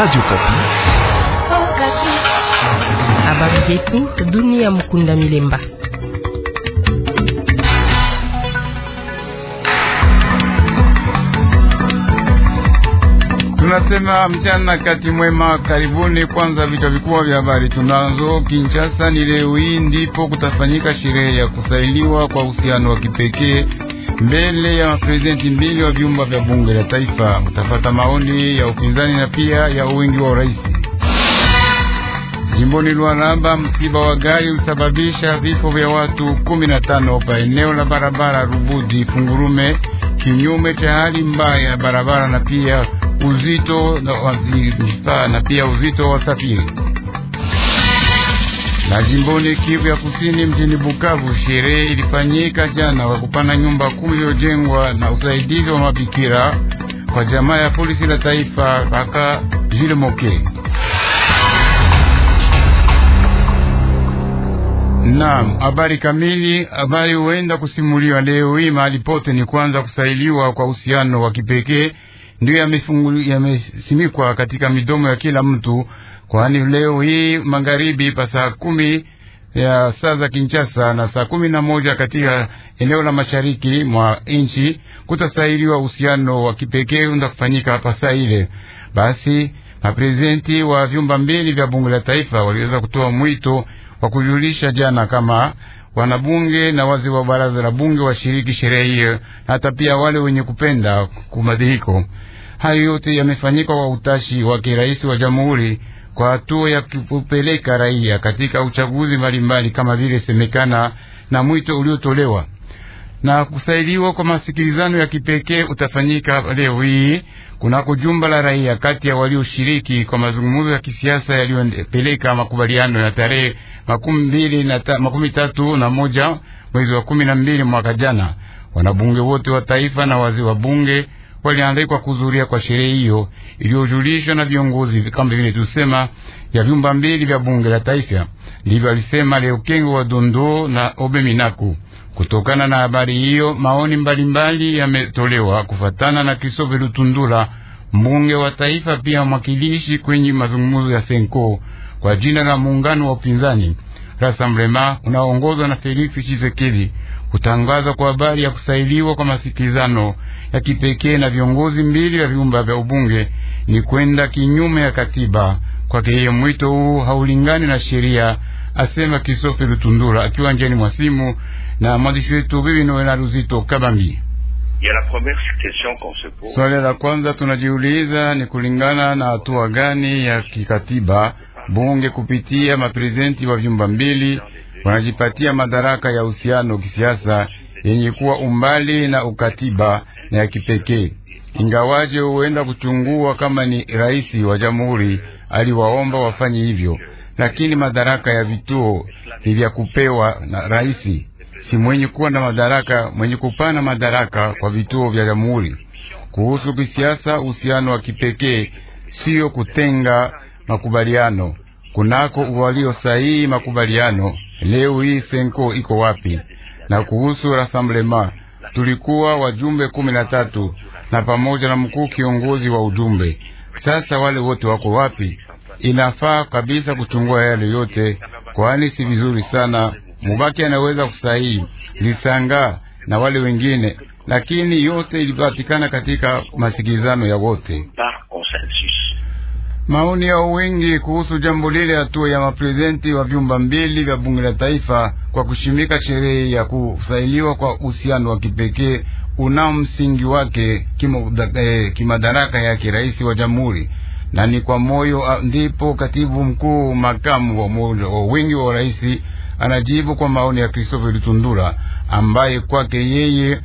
Radio Kapi. Habari zetu dunia, Mkunda Milemba. Tunasema mchana kati mwema, karibuni. Kwanza vichwa vikubwa vya habari tunazo. Kinshasa ni leo hii ndipo kutafanyika sherehe ya kusailiwa kwa uhusiano wa kipekee mbele ya maprezidenti mbili wa vyumba vya bunge la taifa. Mtafata maoni ya upinzani na pia ya uwingi wa urais. Jimboni Lualaba, msiba wa gari ulisababisha vifo vya watu kumi na tano pa eneo la barabara Rubudi fungurume kinyume cha hali mbaya ya barabara na pia uzito na, na pia uzito wa safiri na jimboni Kivu ya Kusini, mjini Bukavu, sherehe ilifanyika jana kwa kupanga nyumba kumi iliyojengwa na usaidizi wa mabikira kwa jamaa ya polisi la taifa kaka Jile Moke. Naam, habari kamili, habari huenda kusimuliwa leo hii mahali pote. Ni kwanza kusailiwa kwa uhusiano wa kipekee ndiyo yamesimikwa katika midomo ya kila mtu kwani leo hii magharibi pa saa kumi ya saa za Kinshasa na saa kumi na moja katika eneo la mashariki mwa nchi kutasairiwa uhusiano wa kipekee unda kufanyika hapa saa ile. Basi maprezidenti wa vyumba mbili vya bunge la taifa waliweza kutoa mwito wa kujulisha jana kama wanabunge na wazee wa baraza la bunge washiriki sherehe hiyo, na hata pia wale wenye kupenda kumadhihiko. Hayo yote yamefanyika kwa utashi wa rais wa jamhuri kwa hatua ya kupeleka raia katika uchaguzi mbalimbali kama vile semekana na mwito uliotolewa na kusailiwa kwa masikilizano ya kipekee utafanyika leo hii kunako jumba la raia kati ya walioshiriki kwa mazungumzo ya kisiasa yaliyopeleka makubaliano ya tarehe makumi mbili na ta, makumi tatu na moja mwezi wa kumi na mbili mwaka jana. Wanabunge wote wa taifa na wazee wa bunge waliandaikwa kuzuria kwa sherehe hiyo iliyojulishwa na viongozi kama vile tusema ya vyumba mbili vya bunge la taifa. Ndivyo alisema leo Kengo wa Dondo na Obeminaku. Kutokana na habari hiyo, maoni mbalimbali yametolewa kufatana na Kristofe Lutundula, mbunge wa taifa, pia mwakilishi kwenye mazungumzo ya Senko kwa jina la muungano wa upinzani Rassemblement unaoongozwa na Felix Tshisekedi kutangaza kwa habari ya kusailiwa kwa masikilizano ya kipekee na viongozi mbili vya vyumba vya ubunge ni kwenda kinyume ya katiba. Kwake yeye, mwito huu haulingani na sheria, asema kisofe Lutundula akiwa njeni mwa simu na mwandishi wetu Bibi Noela Luzito Kabambi. Swali la kwanza tunajiuliza ni kulingana na hatua gani ya kikatiba bunge kupitia maprezidenti wa vyumba mbili wanajipatia madaraka ya uhusiano kisiasa yenye kuwa umbali na ukatiba na ya kipekee. Ingawaje huenda kuchungua kama ni rais wa jamhuri aliwaomba wafanye hivyo, lakini madaraka ya vituo ni vya kupewa na rais, si mwenye kuwa na madaraka, mwenye kupana madaraka kwa vituo vya jamhuri. Kuhusu kisiasa, uhusiano wa kipekee siyo kutenga makubaliano kunako walio sahihi makubaliano leo hii Senko iko wapi? Na kuhusu Rassemblement tulikuwa wajumbe kumi na tatu na pamoja na mkuu kiongozi wa ujumbe. Sasa wale wote wako wapi? Inafaa kabisa kuchungua yale yote, kwani si vizuri sana. Mubaki anaweza kusahihi Lisanga na wale wengine, lakini yote ilipatikana katika masikizano ya wote maoni ya wengi kuhusu jambo lile, hatua ya maprezidenti wa vyumba mbili vya bunge la taifa kwa kushimika sherehe ya kusailiwa kwa uhusiano wa kipekee unao msingi wake eh, kimadaraka eh, yake rais wa jamhuri na ni kwa moyo ah, ndipo katibu mkuu makamu wa umoja wa wingi wa rais anajibu kwa maoni ya kristofe Lutundula ambaye kwake yeye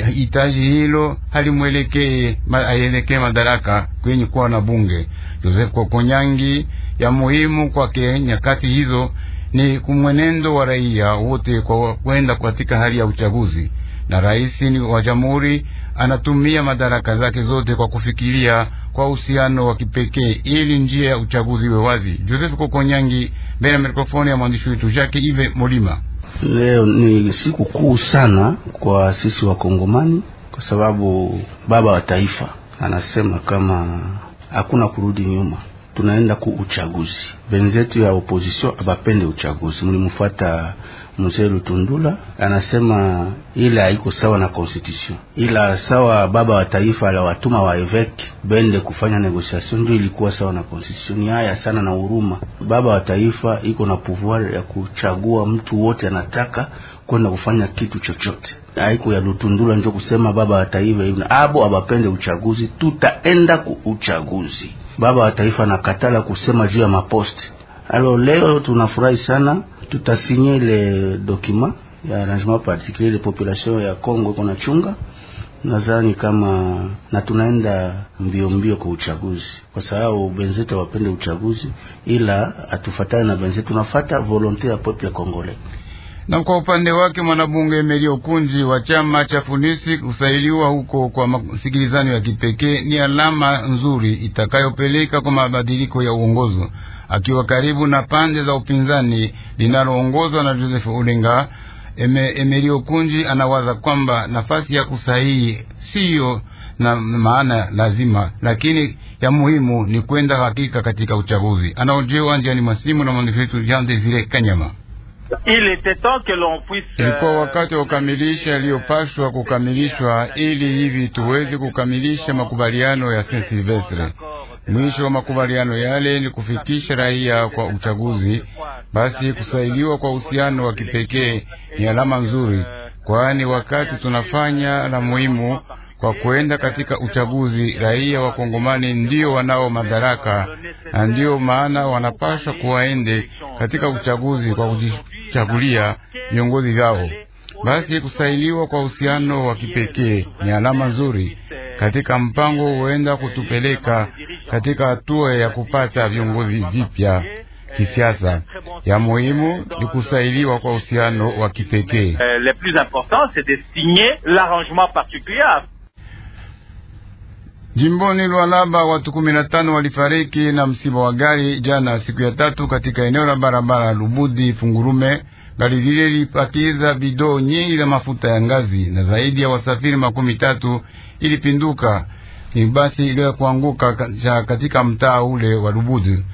hitaji hilo halimwelekee aelekee madaraka kwenye kuwa na bunge. Joseph Kokonyangi, ya muhimu kwake nyakati hizo ni kumwenendo wa raia wote kwa kwenda katika hali ya uchaguzi, na rais wa jamhuri anatumia madaraka zake zote kwa kufikiria kwa uhusiano wa kipekee ili njia ya uchaguzi iwe wazi. Joseph Kokonyangi mbele ya mikrofoni ya mwandishi wetu Jacques Ive Molima. Leo ni siku kuu sana kwa sisi Wakongomani kwa sababu baba wa taifa anasema kama hakuna kurudi nyuma tunaenda ku uchaguzi. Benzetu ya opposition abapende uchaguzi. Mlimfuata mzee Lutundula anasema ile haiko sawa na constitution, ila sawa baba wa taifa la watuma wa eveke bende kufanya negociation, ndio ilikuwa sawa na constitution. Ni haya sana na huruma, baba wa taifa iko na pouvoir ya kuchagua mtu wote anataka kwenda kufanya kitu chochote, haiko ya Lutundula ndio kusema baba wa taifa abo abapende uchaguzi, tutaenda ku uchaguzi baba wa taifa nakatala kusema juu ya maposte. alo leo tunafurahi sana, tutasinye ile document ya arrangement particulier de population ya Kongo kuna chunga nadhani kama na tunaenda mbio mbio kwa uchaguzi, kwa sababu benzetu wapende uchaguzi, ila hatufatane na benzetu, tunafata volonte ya peuple congolais. Na kwa upande wake mwanabunge Emeli Okunji wa chama cha Funisi, kusailiwa huko kwa masikilizano ya kipekee ni alama nzuri itakayopeleka kwa mabadiliko ya uongozo. Akiwa karibu na pande za upinzani linaloongozwa na Joseph Ulinga, Emeli Okunji anawaza kwamba nafasi ya kusahihi siyo na maana lazima, lakini ya muhimu ni kwenda hakika katika uchaguzi. Anaojewa njiani masimu na mwandishi wetu Jean Desire Kanyama. Ilikuwa euh, wakati wa kukamilisha yaliyopashwa kukamilishwa ili hivi tuweze kukamilisha makubaliano ya Saint Silvestre. Mwisho wa makubaliano yale ni kufikisha raia kwa uchaguzi. Basi kusailiwa kwa uhusiano wa kipekee ni alama nzuri, kwani wakati tunafanya la muhimu kwa kuenda katika uchaguzi, raia wa Kongomani ndio wanao madaraka na ndiyo maana wanapaswa kuwaende katika uchaguzi kwa kuji kuchagulia viongozi vyao. Basi kusailiwa kwa uhusiano wa kipekee ni alama nzuri katika mpango huenda kutupeleka katika hatua ya kupata viongozi vipya kisiasa. Ya muhimu ni kusailiwa kwa uhusiano wa kipekee. Eh, Jimboni Lualaba watu kumi na tano walifariki na msiba wa gari jana siku ya tatu katika eneo la barabara Lubudi Fungurume. Gari lile lilipakiza bidoo nyingi za mafuta ya ngazi na zaidi ya wasafiri makumi tatu ilipinduka. Ni basi iliyo kuanguka katika mtaa ule wa Lubudi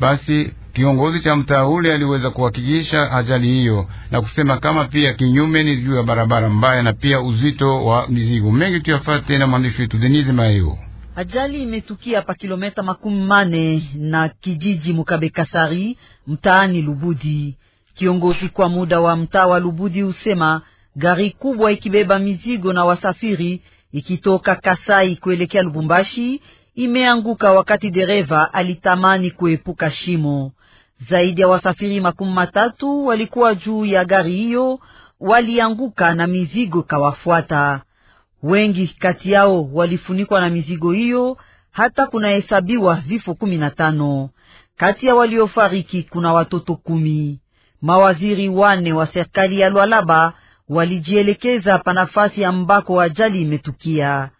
basi Kiongozi cha mtaa ule aliweza kuhakikisha ajali hiyo na kusema kama pia kinyume ni juu ya barabara mbaya na pia uzito wa mizigo mengi. Tuyafate na mwandishi wetu Denise Mayo. Ajali imetukia pa kilometa makumi mane na kijiji Mukabe Kasari mtaani Lubudi. Kiongozi kwa muda wa mtaa wa Lubudi husema gari kubwa ikibeba mizigo na wasafiri ikitoka Kasai kuelekea Lubumbashi imeanguka wakati dereva alitamani kuepuka shimo. Zaidi ya wasafiri makumi matatu walikuwa juu ya gari hiyo, walianguka na mizigo kawafuata. Wengi kati yao walifunikwa na mizigo hiyo, hata kunahesabiwa vifo kumi na tano. Kati ya waliofariki kuna watoto kumi. Mawaziri wane wa serikali ya Lualaba walijielekeza pa nafasi ambako ajali imetukia.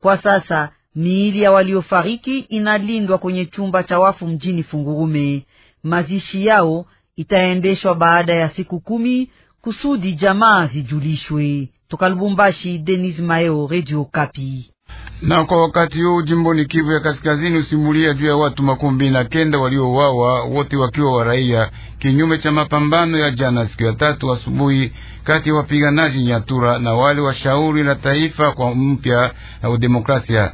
Kwa sasa Miili ya waliofariki inalindwa kwenye chumba cha wafu mjini Fungurume. Mazishi yao itaendeshwa baada ya siku kumi kusudi jamaa zijulishwe. Toka Lubumbashi, Denis Mayo, Radio Kapi. Na kwa wakati huu jimboni Kivu ya Kaskazini usimulia juu ya watu makumi na kenda waliouawa wote wakiwa wa raia, kinyume cha mapambano ya jana siku ya tatu asubuhi kati ya wapiganaji Nyatura na wale washauri la taifa kwa mpya na udemokrasia.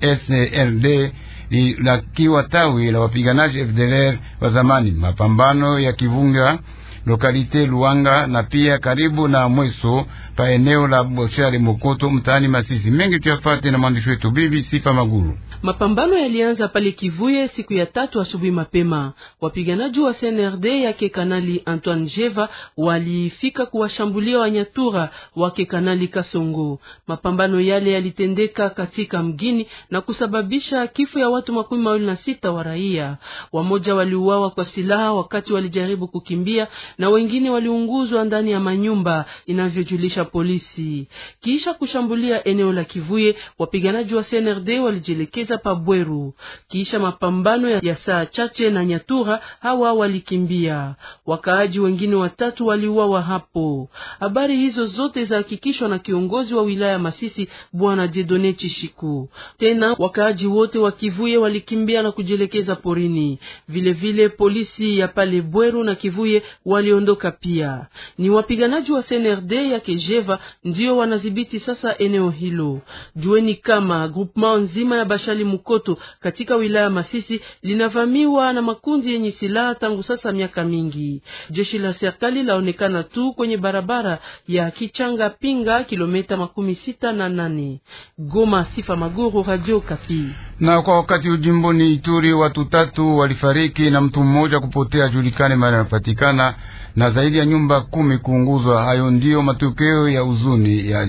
SNLD lilakiwa tawi la wapiganaji FDLR wa zamani, mapambano ya Kivunga lokalite Luanga na pia karibu na Mweso pa eneo la Boshari Mokoto mtaani Masisi. Mengi tuyafate na mwandishi wetu bibi Sifa Maguru. Mapambano yalianza pale Kivuye siku ya tatu asubuhi mapema. Wapiganaji wa CNRD yake Kanali Antoine Jeva walifika kuwashambulia Wanyatura wake Kanali Kasongo. Mapambano yale yalitendeka katika mgini na kusababisha kifo ya watu makumi mawili na sita wa raia. Wamoja waliuawa kwa silaha wakati walijaribu kukimbia na wengine waliunguzwa ndani ya manyumba, inavyojulisha polisi. Kisha kushambulia eneo la Kivuye, wapiganaji wa CNRD walijielekeza kujielekeza Pabweru. Kisha mapambano ya saa chache na Nyatura, hawa walikimbia. Wakaaji wengine watatu waliuawa hapo. Habari hizo zote zahakikishwa na kiongozi wa wilaya Masisi, Bwana Jedone Chishiku. Tena wakaaji wote wa Kivuye walikimbia na kujielekeza porini. Vilevile vile polisi ya pale Bweru na Kivuye waliondoka pia. Ni wapiganaji wa CNRD ya Kejeva ndio wanadhibiti sasa eneo hilo. Jueni kama groupement nzima ya Bashali mahali Mukoto katika wilaya Masisi linavamiwa na makundi yenye silaha tangu sasa miaka mingi. Jeshi la serikali laonekana tu kwenye barabara ya Kichanga Pinga, kilomita makumi sita na nane. Goma, Sifa Maguru, Radio Kapi. Na kwa wakati ujimboni Ituri watu tatu walifariki na mtu mmoja kupotea julikane mara anapatikana na zaidi ya nyumba kumi kuunguzwa. Hayo ndiyo matokeo ya huzuni ya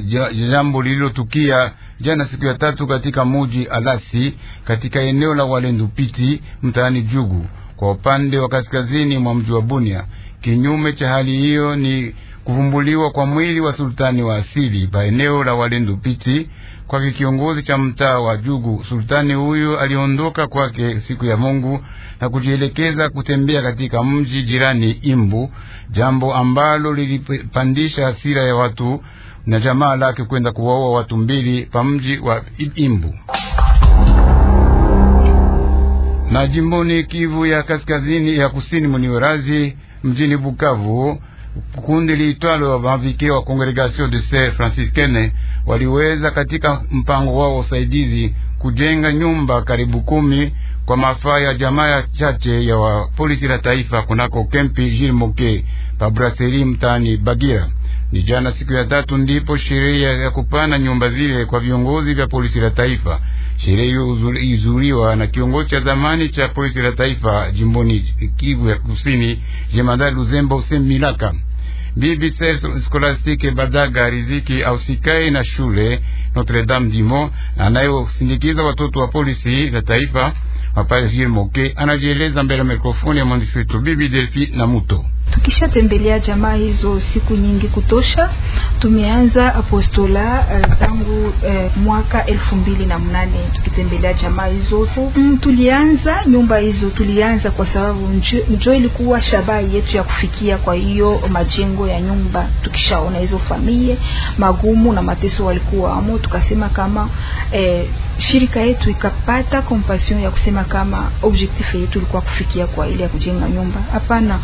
jambo lililotukia jana siku ya tatu katika muji Alasi Mashariki katika eneo la Walendu Piti mtaani Jugu kwa upande wa kaskazini mwa mji wa Bunia. Kinyume cha hali hiyo ni kuvumbuliwa kwa mwili wa sultani wa asili pa eneo la Walendu Piti kwake kiongozi cha mtaa wa Jugu. Sultani huyo aliondoka kwake siku ya Mungu na kujielekeza kutembea katika mji jirani Imbu, jambo ambalo lilipandisha hasira ya watu na jamaa lake kwenda kuwaua watu mbili pa mji wa Imbu. Na jimboni Kivu ya kaskazini ya kusini muniwerazi mjini Bukavu, kundi liitwalo wavavike wa Congregation de Ser Franciscaine waliweza katika mpango wao wa usaidizi kujenga nyumba karibu kumi kwa mafaa ya jamaa chache ya wa polisi la taifa kunako kempi Jil Moke pabraseri mtaani Bagira. Ni jana siku ya tatu ndipo sheria ya kupana nyumba zile kwa viongozi vya polisi la taifa Sherehe hiyo izuliwa na kiongozi cha zamani cha polisi la taifa jimboni Kivu ya Kusini, Jemandari Luzembo Usemi Milaka. Bibi Scolastique Badaga Riziki ausikae na shule Notre Dame Dimo anayosindikiza watoto wa polisi la taifa Papa Moke, anajieleza mbele ya mikrofoni ya mwandishi wetu Bibi Delfi na Muto. Tukishatembelea jamaa hizo siku nyingi kutosha. Tumeanza apostola uh, tangu uh, mwaka elfu mbili na mnane tukitembelea jamaa hizo tu. mm, tulianza nyumba hizo, tulianza kwa sababu njo, njo ilikuwa shabaha yetu ya kufikia. Kwa hiyo majengo ya nyumba tukishaona hizo familia magumu na mateso walikuwa amo, tukasema kama eh, shirika yetu ikapata compassion ya kusema kama objectif yetu ilikuwa kufikia kwa ile ya kujenga nyumba. Hapana,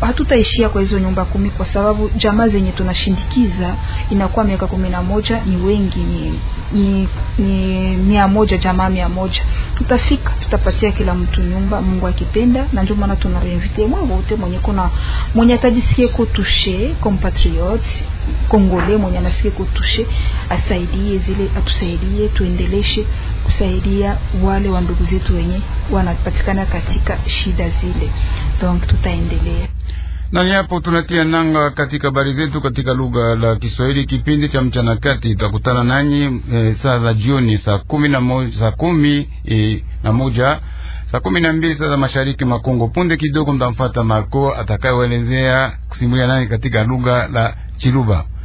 hatu hatutaishia kwa hizo nyumba kumi kwa sababu jamaa zenye tunashindikiza inakuwa miaka kumi na moja ni wengi, ni, ni, ni mia moja jamaa mia moja tutafika, tutapatia kila mtu nyumba, Mungu akipenda, na ndio maana tuna reinvite mwa wote mwenye kuna mwenye atajisikia kutushe compatriot Kongole mwenye anasikia kutushe asaidie zile, atusaidie tuendeleshe kusaidia wale wa ndugu zetu wenye wanapatikana katika shida zile, donc tutaendelea. Na ni hapo tunatia nanga katika habari zetu katika lugha la Kiswahili. Kipindi cha mchana kati tutakutana nanyi e, saa za jioni saa kumi na moja, saa kumi e, na moja saa kumi na mbili saa za mashariki Makongo. Punde kidogo mtamfuata Marco atakayeelezea kusimulia nani katika lugha la Chiluba.